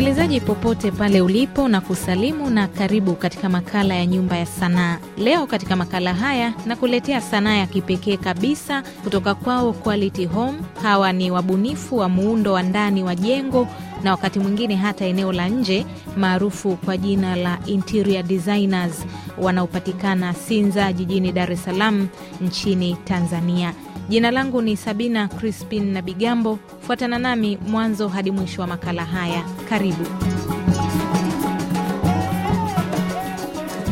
Msikilizaji popote pale ulipo, na kusalimu na karibu katika makala ya Nyumba ya Sanaa. Leo katika makala haya nakuletea sanaa ya kipekee kabisa kutoka kwao Quality Home. Hawa ni wabunifu wa muundo wa ndani wa jengo na wakati mwingine hata eneo la nje maarufu kwa jina la interior designers wanaopatikana Sinza jijini Dar es Salaam nchini Tanzania. Jina langu ni Sabina Crispin na Bigambo. Fuatana nami mwanzo hadi mwisho wa makala haya, karibu.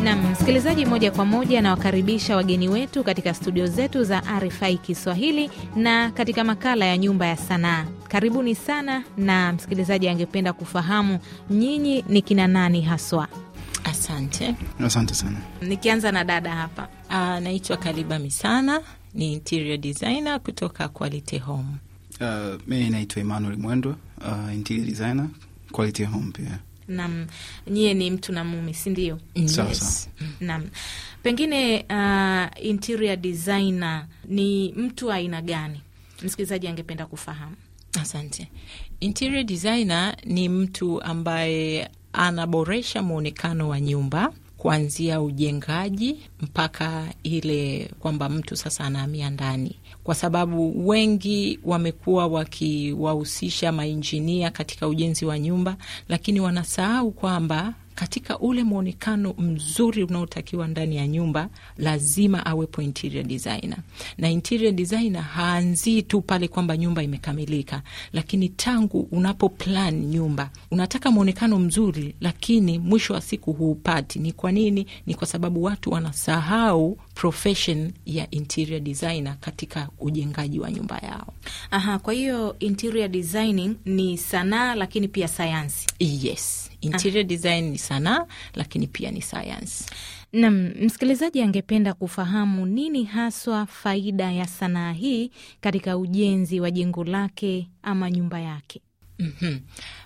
Nam msikilizaji, moja kwa moja anawakaribisha wageni wetu katika studio zetu za RFI Kiswahili na katika makala ya Nyumba ya Sanaa. Karibuni sana, na msikilizaji angependa kufahamu nyinyi ni kina nani haswa? Asante, asante sana. Nikianza na dada hapa, ah, naitwa Kaliba Misana, ni interior designer kutoka Quality Home. Uh, mi naitwa Emmanuel Mwendwa, uh, interior designer Quality Home pia. Naam, nyie ni mtu na mume, si ndio? Mm. Yes. Naam, pengine uh, interior designer ni mtu aina gani? Msikilizaji angependa kufahamu. Asante. Interior designer ni mtu ambaye anaboresha mwonekano wa nyumba kuanzia ujengaji mpaka ile kwamba mtu sasa anahamia ndani, kwa sababu wengi wamekuwa wakiwahusisha mainjinia katika ujenzi wa nyumba, lakini wanasahau kwamba katika ule mwonekano mzuri unaotakiwa ndani ya nyumba, lazima awepo interior designer. Na interior designer haanzii tu pale kwamba nyumba imekamilika, lakini tangu unapo plan nyumba, unataka mwonekano mzuri, lakini mwisho wa siku huupati. Ni kwa nini? Ni kwa sababu watu wanasahau profession ya interior designer katika ujengaji wa nyumba yao. Aha, kwa hiyo interior designing ni sanaa lakini pia sayansi. Yes, interior Aha, design ni sanaa lakini pia ni sayansi. Nam msikilizaji angependa kufahamu nini haswa faida ya sanaa hii katika ujenzi wa jengo lake ama nyumba yake. mm -hmm.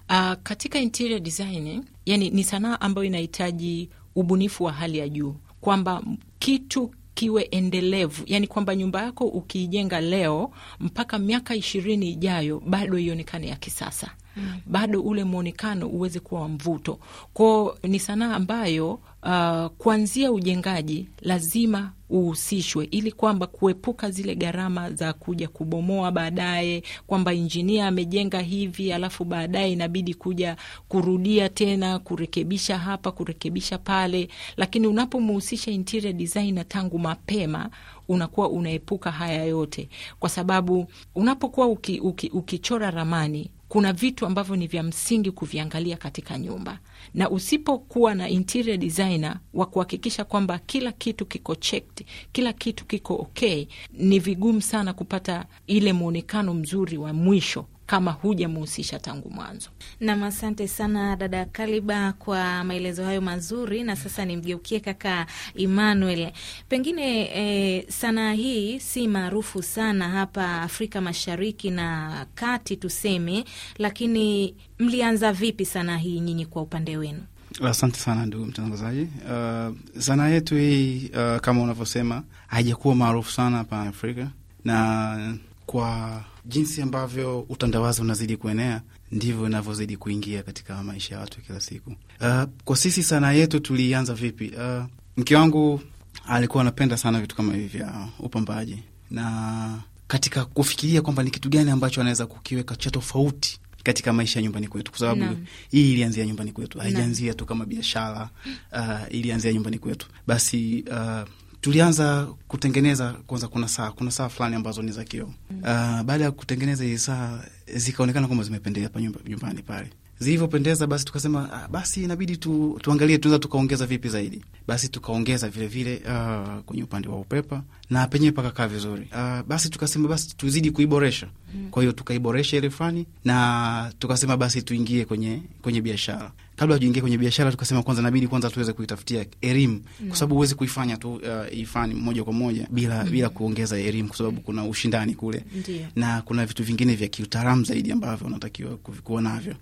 Uh, katika interior design, yani ni sanaa ambayo inahitaji ubunifu wa hali ya juu kwamba kitu kiwe endelevu, yani kwamba nyumba yako ukiijenga leo mpaka miaka ishirini ijayo bado ionekane ya kisasa. Mm. Bado ule mwonekano uweze kuwa wa mvuto kwao. Ni sanaa ambayo uh, kuanzia ujengaji lazima uhusishwe ili kwamba kuepuka zile gharama za kuja kubomoa baadaye, kwamba injinia amejenga hivi alafu baadaye inabidi kuja kurudia tena kurekebisha hapa kurekebisha pale. Lakini unapomhusisha interior designer tangu mapema, unakuwa unaepuka haya yote, kwa sababu unapokuwa uki, uki, ukichora ramani kuna vitu ambavyo ni vya msingi kuviangalia katika nyumba, na usipokuwa na interior designer wa kuhakikisha kwamba kila kitu kiko checked, kila kitu kiko okay, ni vigumu sana kupata ile mwonekano mzuri wa mwisho kama hujamhusisha tangu mwanzo. Nam, asante sana dada Kaliba kwa maelezo hayo mazuri. Na sasa nimgeukie kaka Emmanuel, pengine e, sanaa hii si maarufu sana hapa Afrika Mashariki na Kati tuseme, lakini mlianza vipi sanaa hii nyinyi kwa upande wenu? Asante sana ndugu mtangazaji. Uh, sanaa yetu hii uh, kama unavyosema haijakuwa maarufu sana hapa Afrika na kwa Jinsi ambavyo utandawazi unazidi kuenea ndivyo inavyozidi kuingia katika maisha ya watu kila siku. Uh, kwa sisi sanaa yetu tulianza vipi? Uh, mke wangu alikuwa anapenda sana vitu kama hivi vya upambaji, na katika kufikiria kwamba ni kitu gani ambacho anaweza kukiweka cha tofauti katika maisha ya nyumbani kwetu, kwa sababu hii ilianzia nyumbani kwetu, haijaanzia tu kama biashara uh, ilianzia nyumbani kwetu. Basi uh, tulianza kutengeneza kwanza, kuna saa kuna saa fulani ambazo ni za kioo. Uh, baada ya kutengeneza hizi saa zikaonekana kwamba zimependeza pa nyumbani pale zilivyopendeza basi tukasema ah, basi inabidi tu, tuangalie tunaweza tukaongeza vipi zaidi. Basi tukaongeza vilevile uh, ah, kwenye upande wa upepa na penyewe pakakaa vizuri. Uh, basi tukasema basi tuzidi kuiboresha. Mm. Kwa hiyo tukaiboresha ile fani na tukasema basi tuingie kwenye, kwenye biashara kabla hujaingia kwenye biashara, tukasema kwanza nabidi kwanza tuweze kuitafutia elimu, mm. kwa sababu huwezi kuifanya tu uh, ifani moja kwa moja bila, mm bila kuongeza elimu, kwa sababu kuna ushindani kule. Ndiyo. na kuna vitu vingine vya kiutaalamu zaidi ambavyo unatakiwa kuwa navyo.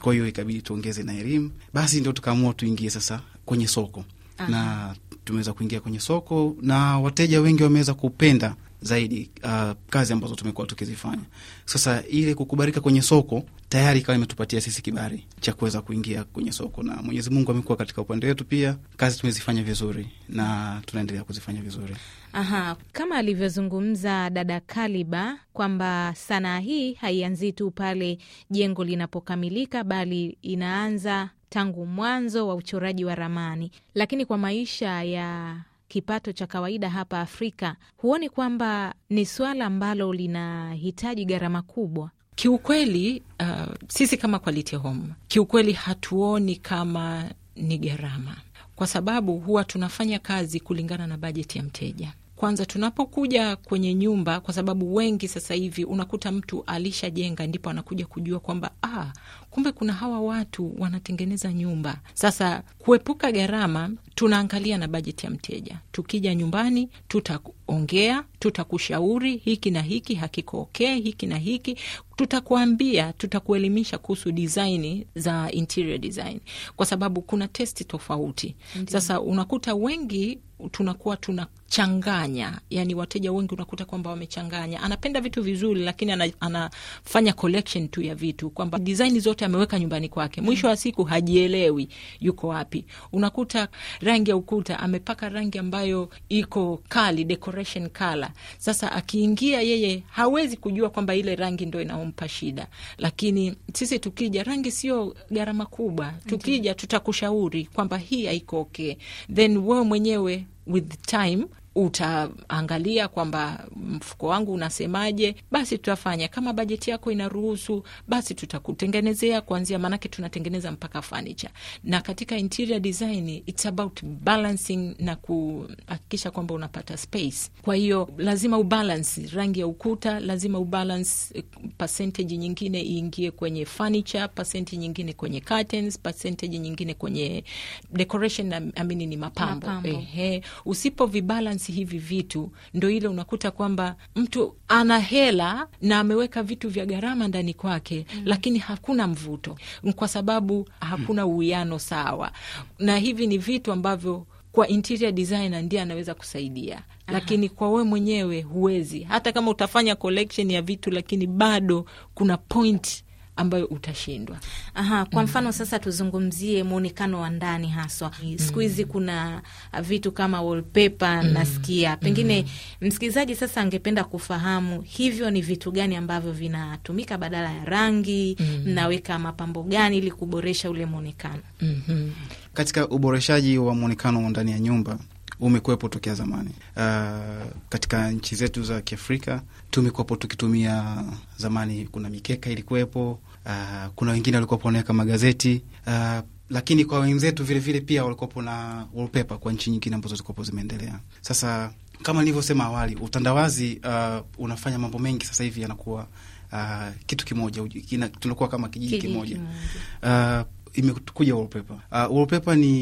Kwa hiyo ikabidi tuongeze na elimu, basi ndio tukaamua tuingie sasa kwenye soko Aha. na tumeweza kuingia kwenye soko na wateja wengi wameweza kupenda zaidi uh, kazi ambazo tumekuwa tukizifanya. Sasa ile kukubalika kwenye soko tayari ikawa imetupatia sisi kibali cha kuweza kuingia kwenye soko, na Mwenyezi Mungu amekuwa katika upande wetu pia. Kazi tumezifanya vizuri na tunaendelea kuzifanya vizuri. Aha, kama alivyozungumza dada Kaliba kwamba sanaa hii haianzii tu pale jengo linapokamilika, bali inaanza tangu mwanzo wa uchoraji wa ramani, lakini kwa maisha ya kipato cha kawaida hapa Afrika, huoni kwamba ni swala ambalo linahitaji gharama kubwa? Kiukweli uh, sisi kama Quality Home kiukweli hatuoni kama ni gharama, kwa sababu huwa tunafanya kazi kulingana na bajeti ya mteja. Kwanza tunapokuja kwenye nyumba, kwa sababu wengi sasa hivi unakuta mtu alishajenga, ndipo anakuja kujua kwamba ah, kumbe kuna hawa watu wanatengeneza nyumba. Sasa kuepuka gharama, tunaangalia na bajeti ya mteja. Tukija nyumbani, tutaongea, tutakushauri hiki na hiki hakiko okay, hiki na hiki tutakuambia, tutakuelimisha kuhusu design za interior design, kwa sababu kuna testi tofauti. Ndiyo. Sasa unakuta wengi tunakuwa tunachanganya, yani wateja wengi unakuta kwamba wamechanganya, anapenda vitu vizuri, lakini anafanya collection tu ya vitu kwamba design zote yote ameweka nyumbani kwake, mwisho wa siku hajielewi yuko wapi. Unakuta rangi ya ukuta amepaka rangi ambayo iko kali, decoration color. Sasa akiingia yeye hawezi kujua kwamba ile rangi ndo inaompa shida, lakini sisi tukija, rangi sio gharama kubwa, tukija tutakushauri kwamba hii haiko okay, then wewe mwenyewe with time utaangalia kwamba mfuko wangu unasemaje, basi tutafanya. Kama bajeti yako inaruhusu, basi tutakutengenezea kuanzia, maanake tunatengeneza mpaka fanicha. Na katika interior design it's about balancing na kuhakikisha kwamba unapata space. Kwa hiyo lazima ubalance rangi ya ukuta, lazima ubalance eh, percentage nyingine iingie kwenye furniture, percentage nyingine kwenye curtains, percentage nyingine kwenye decoration, amini ni mapambo, mapambo. Ehe, usipo vibalance kubalance hivi vitu, ndo ile unakuta kwamba mtu ana hela na ameweka vitu vya gharama ndani kwake mm. lakini hakuna mvuto kwa sababu hakuna uwiano sawa, na hivi ni vitu ambavyo kwa interior designer ndiye anaweza kusaidia Aha. Lakini kwa we mwenyewe huwezi, hata kama utafanya collection ya vitu, lakini bado kuna point ambayo utashindwa. Aha, kwa mm. mfano mm. Sasa tuzungumzie mwonekano wa ndani haswa. Mm. Siku hizi kuna vitu kama wallpaper mm. nasikia mm. pengine mm. msikilizaji sasa angependa kufahamu hivyo ni vitu gani ambavyo vinatumika badala ya rangi mm. mnaweka mapambo gani ili kuboresha ule mwonekano? mm -hmm. Katika uboreshaji wa mwonekano ndani ya nyumba umekuwepo tokea zamani. Uh, katika nchi zetu za Kiafrika tumekuwapo tukitumia zamani, kuna mikeka ilikuwepo, uh, kuna wengine walikuwapo wanaweka magazeti uh, lakini kwa wenzetu vilevile pia walikuwapo na wallpaper kwa nchi nyingine ambazo zilikuwapo zimeendelea. Sasa kama nilivyosema awali, utandawazi uh, unafanya mambo mengi sasa hivi yanakuwa uh, kitu kimoja, tunakuwa kama kijiji kimoja, kimoja. Uh, imekuja wallpaper. Uh, wallpaper ni,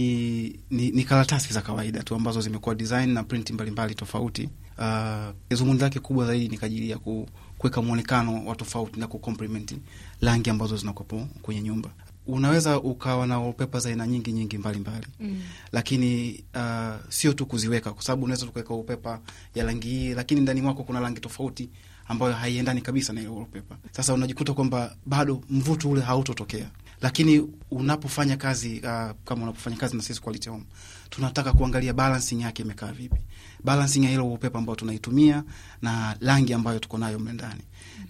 ni, ni karatasi za kawaida tu ambazo zimekuwa design na print mbalimbali tofauti. Uh, ah, zungumzi lake kubwa zaidi ni kajili ya ku, kuweka mwonekano wa tofauti na kucomplement rangi ambazo zinakuwepo kwenye nyumba. Unaweza ukawa na wallpaper za aina nyingi nyingi mbalimbali mbali. Mm. Lakini uh, sio tu kuziweka, kwa sababu unaweza tukaweka wallpaper ya rangi hii, lakini ndani mwako kuna rangi tofauti ambayo haiendani kabisa na ile wallpaper. Sasa unajikuta kwamba bado mvuto ule hautotokea lakini unapofanya kazi uh, kama unapofanya kazi na sisi Quality Home tunataka kuangalia balancing yake imekaa vipi, balancing ya ile wallpaper ambayo tunaitumia na rangi ambayo tuko nayo mle ndani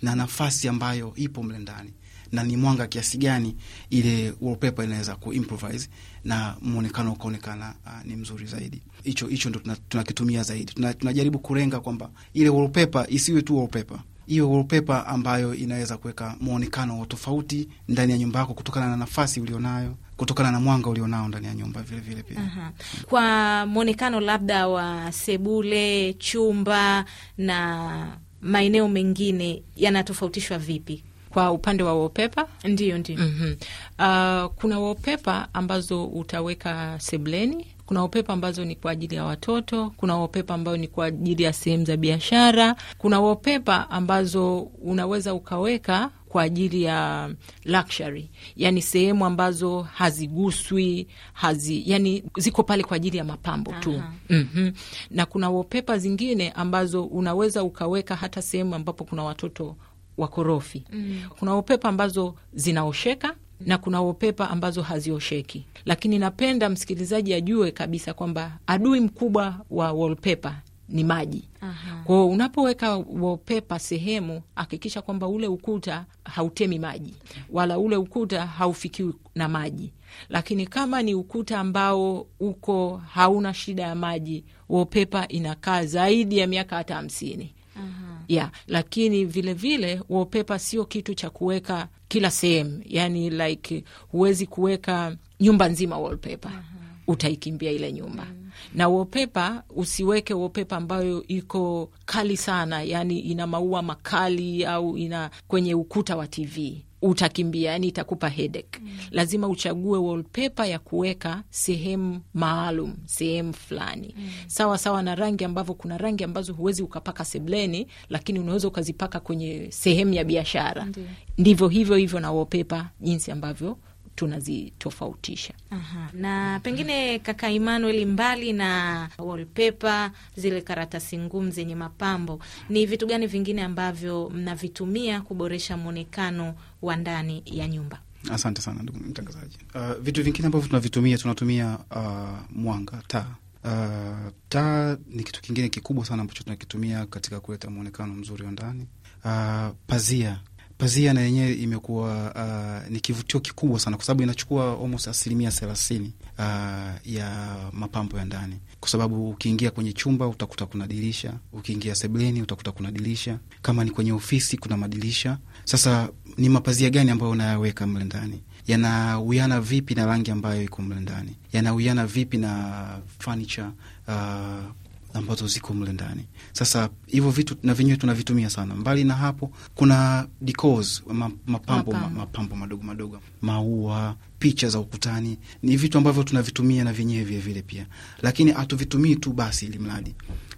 na nafasi ambayo ipo mle ndani na ni mwanga kiasi gani ile wallpaper inaweza kuimprovise na mwonekano ukaonekana uh, ni mzuri zaidi. Hicho hicho ndo tunakitumia tuna zaidi, tunajaribu tuna kurenga kwamba ile wallpaper isiwe tu wallpaper iwe wallpaper ambayo inaweza kuweka mwonekano wa tofauti ndani ya nyumba yako kutokana na nafasi ulionayo kutokana na mwanga ulionao ndani ya nyumba vile vile pia. Aha. Kwa mwonekano labda wa sebule, chumba na maeneo mengine yanatofautishwa vipi? Kwa upande wa wallpaper ndio, ndio. Mm -hmm. Uh, kuna wallpaper ambazo utaweka sebleni kuna upepa ambazo ni kwa ajili ya watoto, kuna upepa ambayo ni kwa ajili ya sehemu za biashara, kuna upepa ambazo unaweza ukaweka kwa ajili ya luxury, yani sehemu ambazo haziguswi hazi, yani ziko pale kwa ajili ya mapambo tu. Mm -hmm. Na kuna wopepa zingine ambazo unaweza ukaweka hata sehemu ambapo kuna watoto wakorofi. Mm. Kuna wopepa ambazo zinaosheka na kuna wopepa ambazo haziosheki. Lakini napenda msikilizaji ajue kabisa kwamba adui mkubwa wa wallpaper ni maji. Kwao unapoweka wallpaper sehemu, hakikisha kwamba ule ukuta hautemi maji wala ule ukuta haufikiwi na maji. Lakini kama ni ukuta ambao uko hauna shida ya maji, wallpaper inakaa zaidi ya miaka hata hamsini yeah. Lakini vilevile wallpaper sio kitu cha kuweka kila sehemu, yani like huwezi kuweka nyumba nzima wallpaper. Mhm. Utaikimbia ile nyumba mm. Na wopepa usiweke wopepa ambayo iko kali sana, yani ina maua makali au ina kwenye ukuta wa TV utakimbia, yani itakupa headache mm. Lazima uchague wallpaper ya kuweka sehemu maalum, sehemu fulani mm. Sawa sawa na rangi ambavyo kuna rangi ambazo huwezi ukapaka sebleni, lakini unaweza ukazipaka kwenye sehemu ya biashara. Ndivyo hivyo hivyo na wallpaper, jinsi ambavyo tunazitofautisha. Aha. Na pengine kaka Emmanuel, mbali na wallpaper, zile karatasi ngumu zenye mapambo, ni vitu gani vingine ambavyo mnavitumia kuboresha mwonekano wa ndani ya nyumba? Asante sana ndugu mtangazaji. Uh, vitu vingine ambavyo tunavitumia tunatumia uh, mwanga, taa Uh, taa ni kitu kingine kikubwa sana ambacho tunakitumia katika kuleta mwonekano mzuri wa ndani. Uh, pazia pazia na yenyewe imekuwa uh, ni kivutio kikubwa sana, kwa sababu inachukua almost asilimia thelathini uh, ya mapambo ya ndani, kwa sababu ukiingia kwenye chumba utakuta kuna dirisha, ukiingia sebuleni utakuta kuna dirisha, kama ni kwenye ofisi kuna madirisha. Sasa ni mapazia gani ambayo unayaweka mle ndani yanawiana vipi na rangi ambayo iko mle ndani, yanawiana vipi na furniture uh, ambazo ziko mle ndani. Sasa hivyo vitu na vyenyewe tunavitumia sana. Mbali na hapo, kuna decors, mapambo, mapambo madogo madogo, maua, picha za ukutani, ni vitu ambavyo tunavitumia na vyenyewe vilevile pia, lakini hatuvitumii tu basi ili mradi,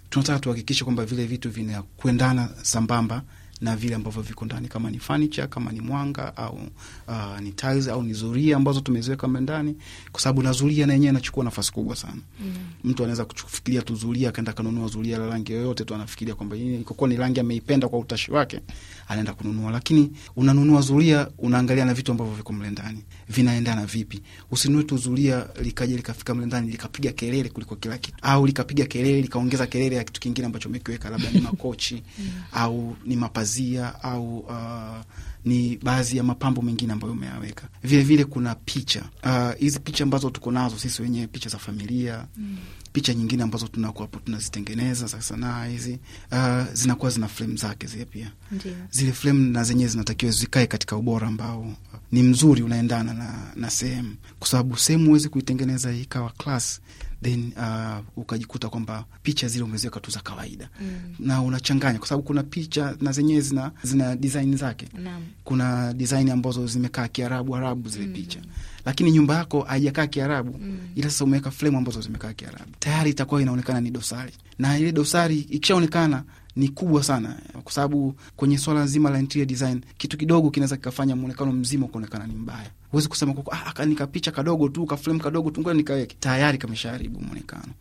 tunataka tuhakikishe kwamba vile vitu vinakwendana sambamba na vile ambavyo viko ndani, kama ni furniture, kama ni mwanga au uh, ni tiles au ni zuria ambazo tumeziweka ndani, kwa sababu na zuria na yenyewe inachukua nafasi kubwa sana. Mm. Mtu anaweza kufikiria tu zuria, akaenda kanunua zuria la rangi yoyote tu, anafikiria kwamba kwa kuwa ni rangi ameipenda kwa utashi wake, anaenda kununua. Lakini unanunua zuria, unaangalia na vitu ambavyo viko mle ndani vinaendana vipi. Usinunue tu zuria likaja likafika mle ndani likapiga kelele kuliko kila kitu, au likapiga kelele likaongeza kelele ya kitu kingine ambacho umekiweka, labda ni makochi mm. au ni mapazi pazia au uh, ni baadhi ya mapambo mengine ambayo umeyaweka. Vilevile kuna picha uh, hizi uh, picha ambazo tuko nazo sisi wenyewe, picha za familia mm. picha nyingine ambazo tunakuwa tunazitengeneza za sanaa hizi uh, zinakuwa zina frame zake zile pia Ndiyo. zile frame na zenyewe zinatakiwa zikae katika ubora ambao uh, ni mzuri unaendana na, na sehemu, kwa sababu sehemu huwezi kuitengeneza ikawa class then uh, ukajikuta kwamba picha zile umeziweka tu za kawaida mm. na unachanganya kwa sababu kuna picha na zenyewe zina, zina design zake Naam. kuna design ambazo zimekaa Kiarabu Arabu zile mm. picha lakini nyumba yako haijakaa Kiarabu mm. ila sasa umeweka flemu ambazo zimekaa Kiarabu tayari itakuwa inaonekana ni dosari, na ile dosari ikishaonekana ni kubwa sana, kwa sababu kwenye swala zima la interior design kitu kidogo kinaweza kikafanya mwonekano mzima ukaonekana ni mbaya. Huwezi kusema kwako, ah, nikapicha kadogo tu kaframe kadogo tu ngoja nikaweke, tayari kameshaharibu mwonekano.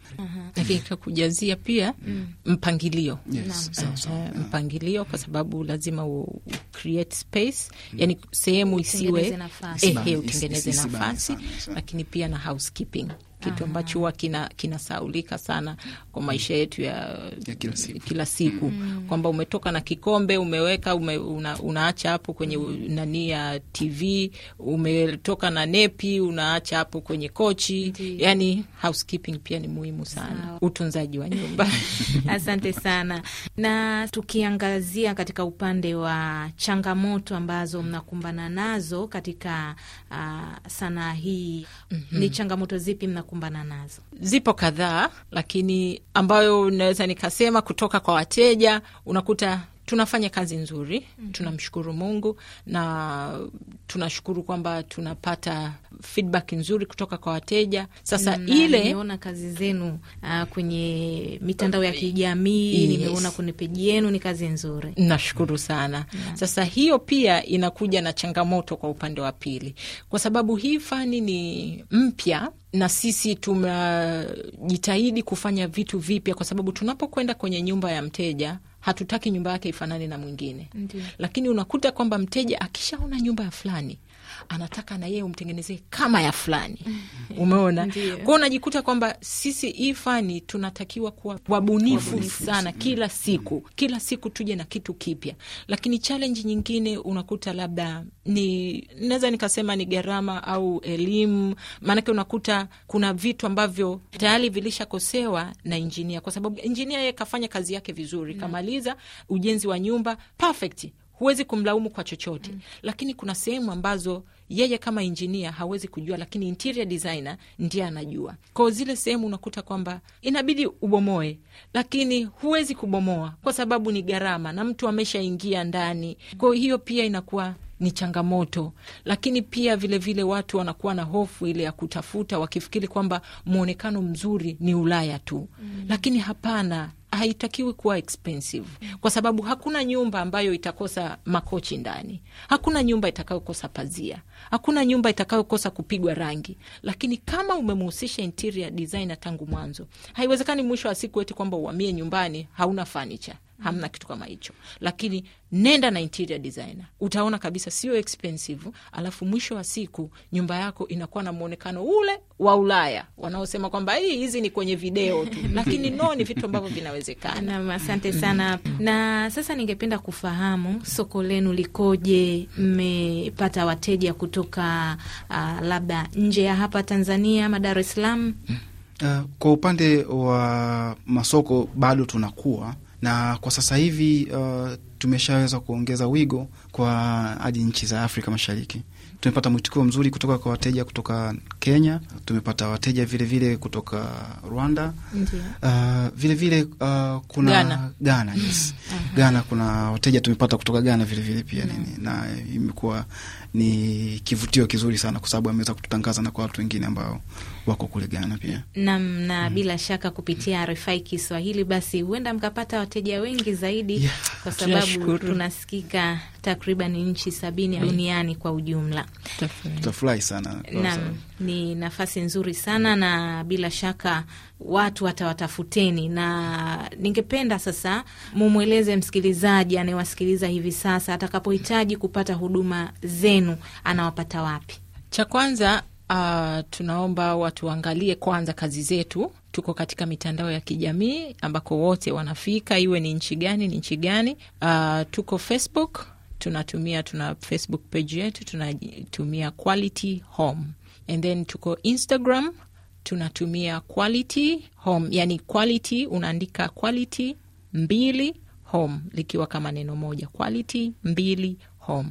Lakini kakujazia pia mpangilio, mpangilio kwa sababu lazima u create space, yani sehemu isiwe, ehe, utengeneze nafasi, lakini pia na housekeeping kitu ambacho huwa kinasaulika kina sana kwa mm. maisha yetu ya, ya kila siku, kila siku. Mm. mm. Kwamba umetoka na kikombe umeweka ume, una, unaacha hapo kwenye mm. nani ya TV, umetoka na nepi unaacha hapo kwenye kochi. Ndi. Yani housekeeping pia ni muhimu sana Sao. Utunzaji wa nyumba asante sana. Na tukiangazia katika upande wa changamoto ambazo mnakumbana nazo katika uh, sanaa hii mm -hmm. Ni changamoto zipi mnakumbana mnakumbana nazo? Zipo kadhaa, lakini ambayo naweza nikasema kutoka kwa wateja, unakuta tunafanya kazi nzuri mm. Tunamshukuru Mungu na tunashukuru kwamba tunapata feedback nzuri kutoka kwa wateja. Sasa na, ile nimeona kazi zenu uh, kwenye mitandao ya kijamii yes. Nimeona kwenye peji yenu ni kazi nzuri, nashukuru sana yeah. Sasa hiyo pia inakuja na changamoto kwa upande wa pili, kwa sababu hii fani ni mpya na sisi tunajitahidi kufanya vitu vipya, kwa sababu tunapokwenda kwenye nyumba ya mteja hatutaki nyumba yake ifanane na mwingine. Lakini unakuta kwamba mteja akishaona nyumba ya fulani anataka na yeye umtengenezee kama ya fulani. Umeona kwao, unajikuta kwamba sisi hii fani tunatakiwa kuwa wabunifu, sana mm. kila siku, kila siku tuje na kitu kipya. Lakini challenge nyingine unakuta labda ni naweza nikasema ni gharama au elimu, maanake unakuta kuna vitu ambavyo tayari vilishakosewa na injinia, kwa sababu injinia yeye kafanya kazi yake vizuri, mm. kamaliza ujenzi wa nyumba perfect huwezi kumlaumu kwa chochote mm. Lakini kuna sehemu ambazo yeye kama injinia hawezi kujua, lakini interior designer ndiye anajua. kwao zile sehemu unakuta kwamba inabidi ubomoe, lakini huwezi kubomoa kwa sababu ni gharama na mtu ameshaingia ndani. kwao hiyo pia inakuwa ni changamoto, lakini pia vilevile vile watu wanakuwa na hofu ile ya kutafuta, wakifikiri kwamba mwonekano mzuri ni Ulaya tu mm. Lakini hapana haitakiwi kuwa expensive, kwa sababu hakuna nyumba ambayo itakosa makochi ndani, hakuna nyumba itakayokosa pazia, hakuna nyumba itakayokosa kupigwa rangi. Lakini kama umemhusisha interior designer tangu mwanzo, haiwezekani mwisho wa siku eti kwamba uhamie nyumbani hauna furniture hamna kitu kama hicho, lakini nenda na interior designer, utaona kabisa sio expensive. Alafu mwisho wa siku nyumba yako inakuwa na mwonekano ule wa Ulaya wanaosema kwamba hii hizi ni kwenye video tu, lakini no, ni vitu ambavyo vinawezekana. asante sana. Na sasa ningependa kufahamu soko lenu likoje? Mmepata wateja kutoka uh, labda nje ya hapa Tanzania ama Dar es Salaam? Uh, kwa upande wa masoko bado tunakuwa na kwa sasa hivi uh, tumeshaweza kuongeza wigo kwa hadi nchi za Afrika Mashariki tumepata mwitikio mzuri kutoka kwa wateja kutoka Kenya, tumepata wateja vilevile vile kutoka Rwanda vilevile uh, ah, vile, uh, kuna Ghana, Ghana, yes. uh-huh. Ghana kuna wateja tumepata kutoka Ghana vilevile vile pia nini, na imekuwa ni kivutio kizuri sana kwa sababu ameweza kututangaza na kwa watu wengine ambao wako kule Ghana pia nam na mm. bila shaka kupitia RFI Kiswahili basi huenda mkapata wateja wengi zaidi yeah, kwa sababu tunasikika takriban nchi sabini mm. duniani kwa ujumla. Tutafurahi sana na, ni nafasi nzuri sana na bila shaka watu watawatafuteni, na ningependa sasa mumweleze msikilizaji anayewasikiliza hivi sasa, atakapohitaji kupata huduma zenu anawapata wapi? Cha kwanza uh, tunaomba watu waangalie kwanza kazi zetu tuko katika mitandao ya kijamii ambako wote wanafika, iwe ni nchi gani ni nchi gani. Uh, tuko Facebook tunatumia, tuna Facebook page yetu tunatumia Quality Home, and then tuko Instagram tunatumia Quality Home, yani quality unaandika quality mbili home likiwa kama neno moja, quality mbili home.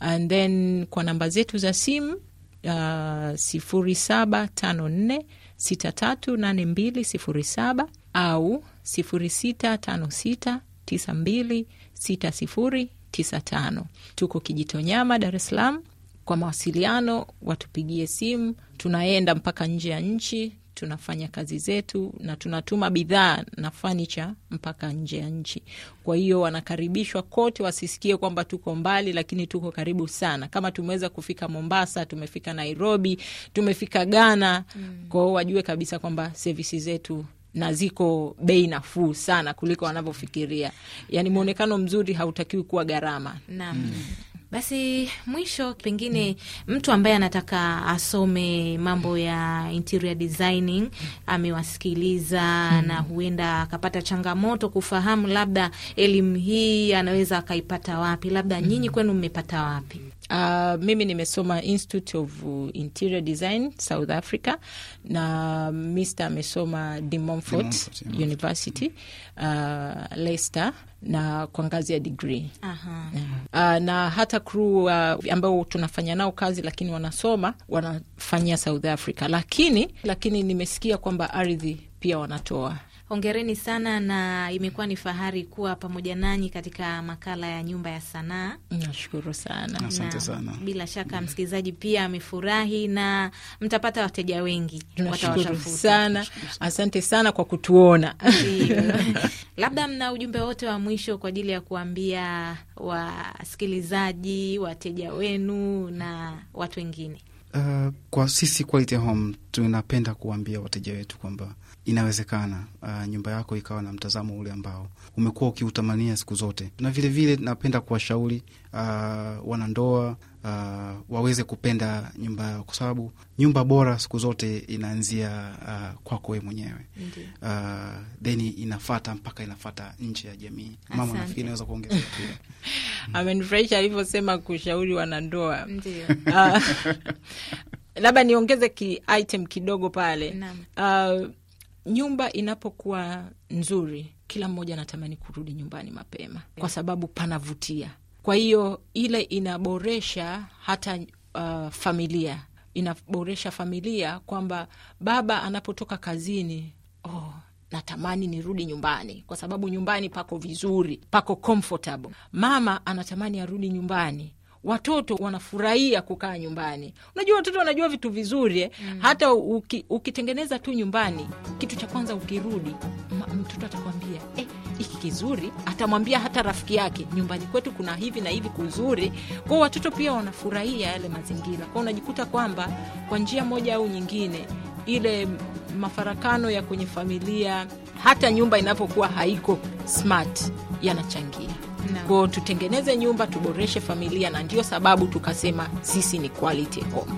And then kwa namba zetu za simu uh, sifuri saba tano nne sita tatu nane mbili sifuri saba au sifuri sita tano sita tisa mbili sita sifuri 95. Tuko Kijitonyama, Dar es Salaam. Kwa mawasiliano watupigie simu, tunaenda mpaka nje ya nchi, tunafanya kazi zetu na tunatuma bidhaa na fanicha mpaka nje ya nchi. Kwa hiyo wanakaribishwa kote, wasisikie kwamba tuko mbali, lakini tuko karibu sana. Kama tumeweza kufika Mombasa, tumefika Nairobi, tumefika Ghana. Mm. Kwao wajue kabisa kwamba sevisi zetu na ziko bei nafuu sana kuliko wanavyofikiria. Yani mwonekano mzuri hautakiwi kuwa gharama. Naam. Mm. Basi mwisho, pengine mtu ambaye anataka asome mambo ya interior designing amewasikiliza mm, na huenda akapata changamoto kufahamu labda elimu hii anaweza akaipata wapi, labda mm, nyinyi kwenu mmepata wapi? Uh, mimi nimesoma Institute of Interior Design South Africa na Mr amesoma De Montfort University uh, Leicester na kwa ngazi ya digri Yeah. Uh, na hata crew uh, ambao tunafanya nao kazi lakini wanasoma wanafanyia South Africa, lakini lakini nimesikia kwamba ardhi pia wanatoa Hongereni sana na imekuwa ni fahari kuwa pamoja nanyi katika makala ya Nyumba ya Sanaa. Nashukuru sana, asante sana. Bila shaka msikilizaji pia amefurahi na mtapata wateja wengi, Nashukuru sana. Asante sana kwa kutuona. Labda mna ujumbe wote wa mwisho kwa ajili ya kuambia wasikilizaji, wateja wenu na watu wengine? Uh, kwa sisi Quality Home tunapenda kuwaambia wateja wetu kwamba inawezekana uh, nyumba yako ikawa na mtazamo ule ambao umekuwa ukiutamania siku zote. Na vilevile vile napenda kuwashauri uh, wanandoa uh, waweze kupenda nyumba yao, kwa sababu nyumba bora siku zote inaanzia uh, kwako wewe mwenyewe uh, then inafata mpaka inafata nje ya jamii. Mama, nafikiri inaweza kuongeza pia amenifurahisha alivyosema kushauri wanandoa ah, labda niongeze ki item kidogo pale ah, nyumba inapokuwa nzuri, kila mmoja anatamani kurudi nyumbani mapema kwa sababu panavutia. Kwa hiyo ile inaboresha hata uh, familia inaboresha familia kwamba baba anapotoka kazini, oh, natamani nirudi nyumbani kwa sababu nyumbani pako vizuri, pako comfortable. Mama anatamani arudi nyumbani watoto wanafurahia kukaa nyumbani. Unajua watoto wanajua vitu vizuri eh? mm. hata uki, ukitengeneza tu nyumbani kitu cha kwanza, ukirudi mtoto atakwambia eh, hiki kizuri, atamwambia hata rafiki yake, nyumbani kwetu kuna hivi na hivi kuzuri. Kwao watoto pia wanafurahia yale mazingira, kwao unajikuta kwamba kwa njia moja au nyingine ile mafarakano ya kwenye familia, hata nyumba inapokuwa haiko smart, yanachangia kwao tutengeneze nyumba tuboreshe familia na ndio sababu tukasema sisi ni quality home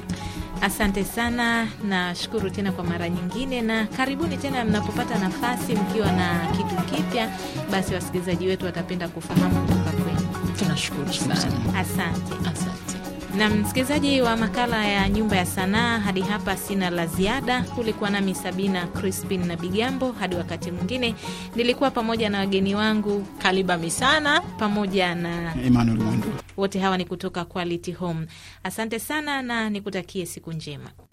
asante sana nashukuru tena kwa mara nyingine na karibuni tena mnapopata nafasi mkiwa na kitu kipya basi wasikilizaji wetu watapenda kufahamu kutoka kwenu tunashukuru sana asante, asante na msikilizaji wa makala ya Nyumba ya Sanaa, hadi hapa sina la ziada. Kulikuwa nami Sabina Crispin na Bigambo. Hadi wakati mwingine, nilikuwa pamoja na wageni wangu Kaliba Misana pamoja na Emmanuel Mwando. Wote hawa ni kutoka Quality Home. Asante sana na nikutakie siku njema.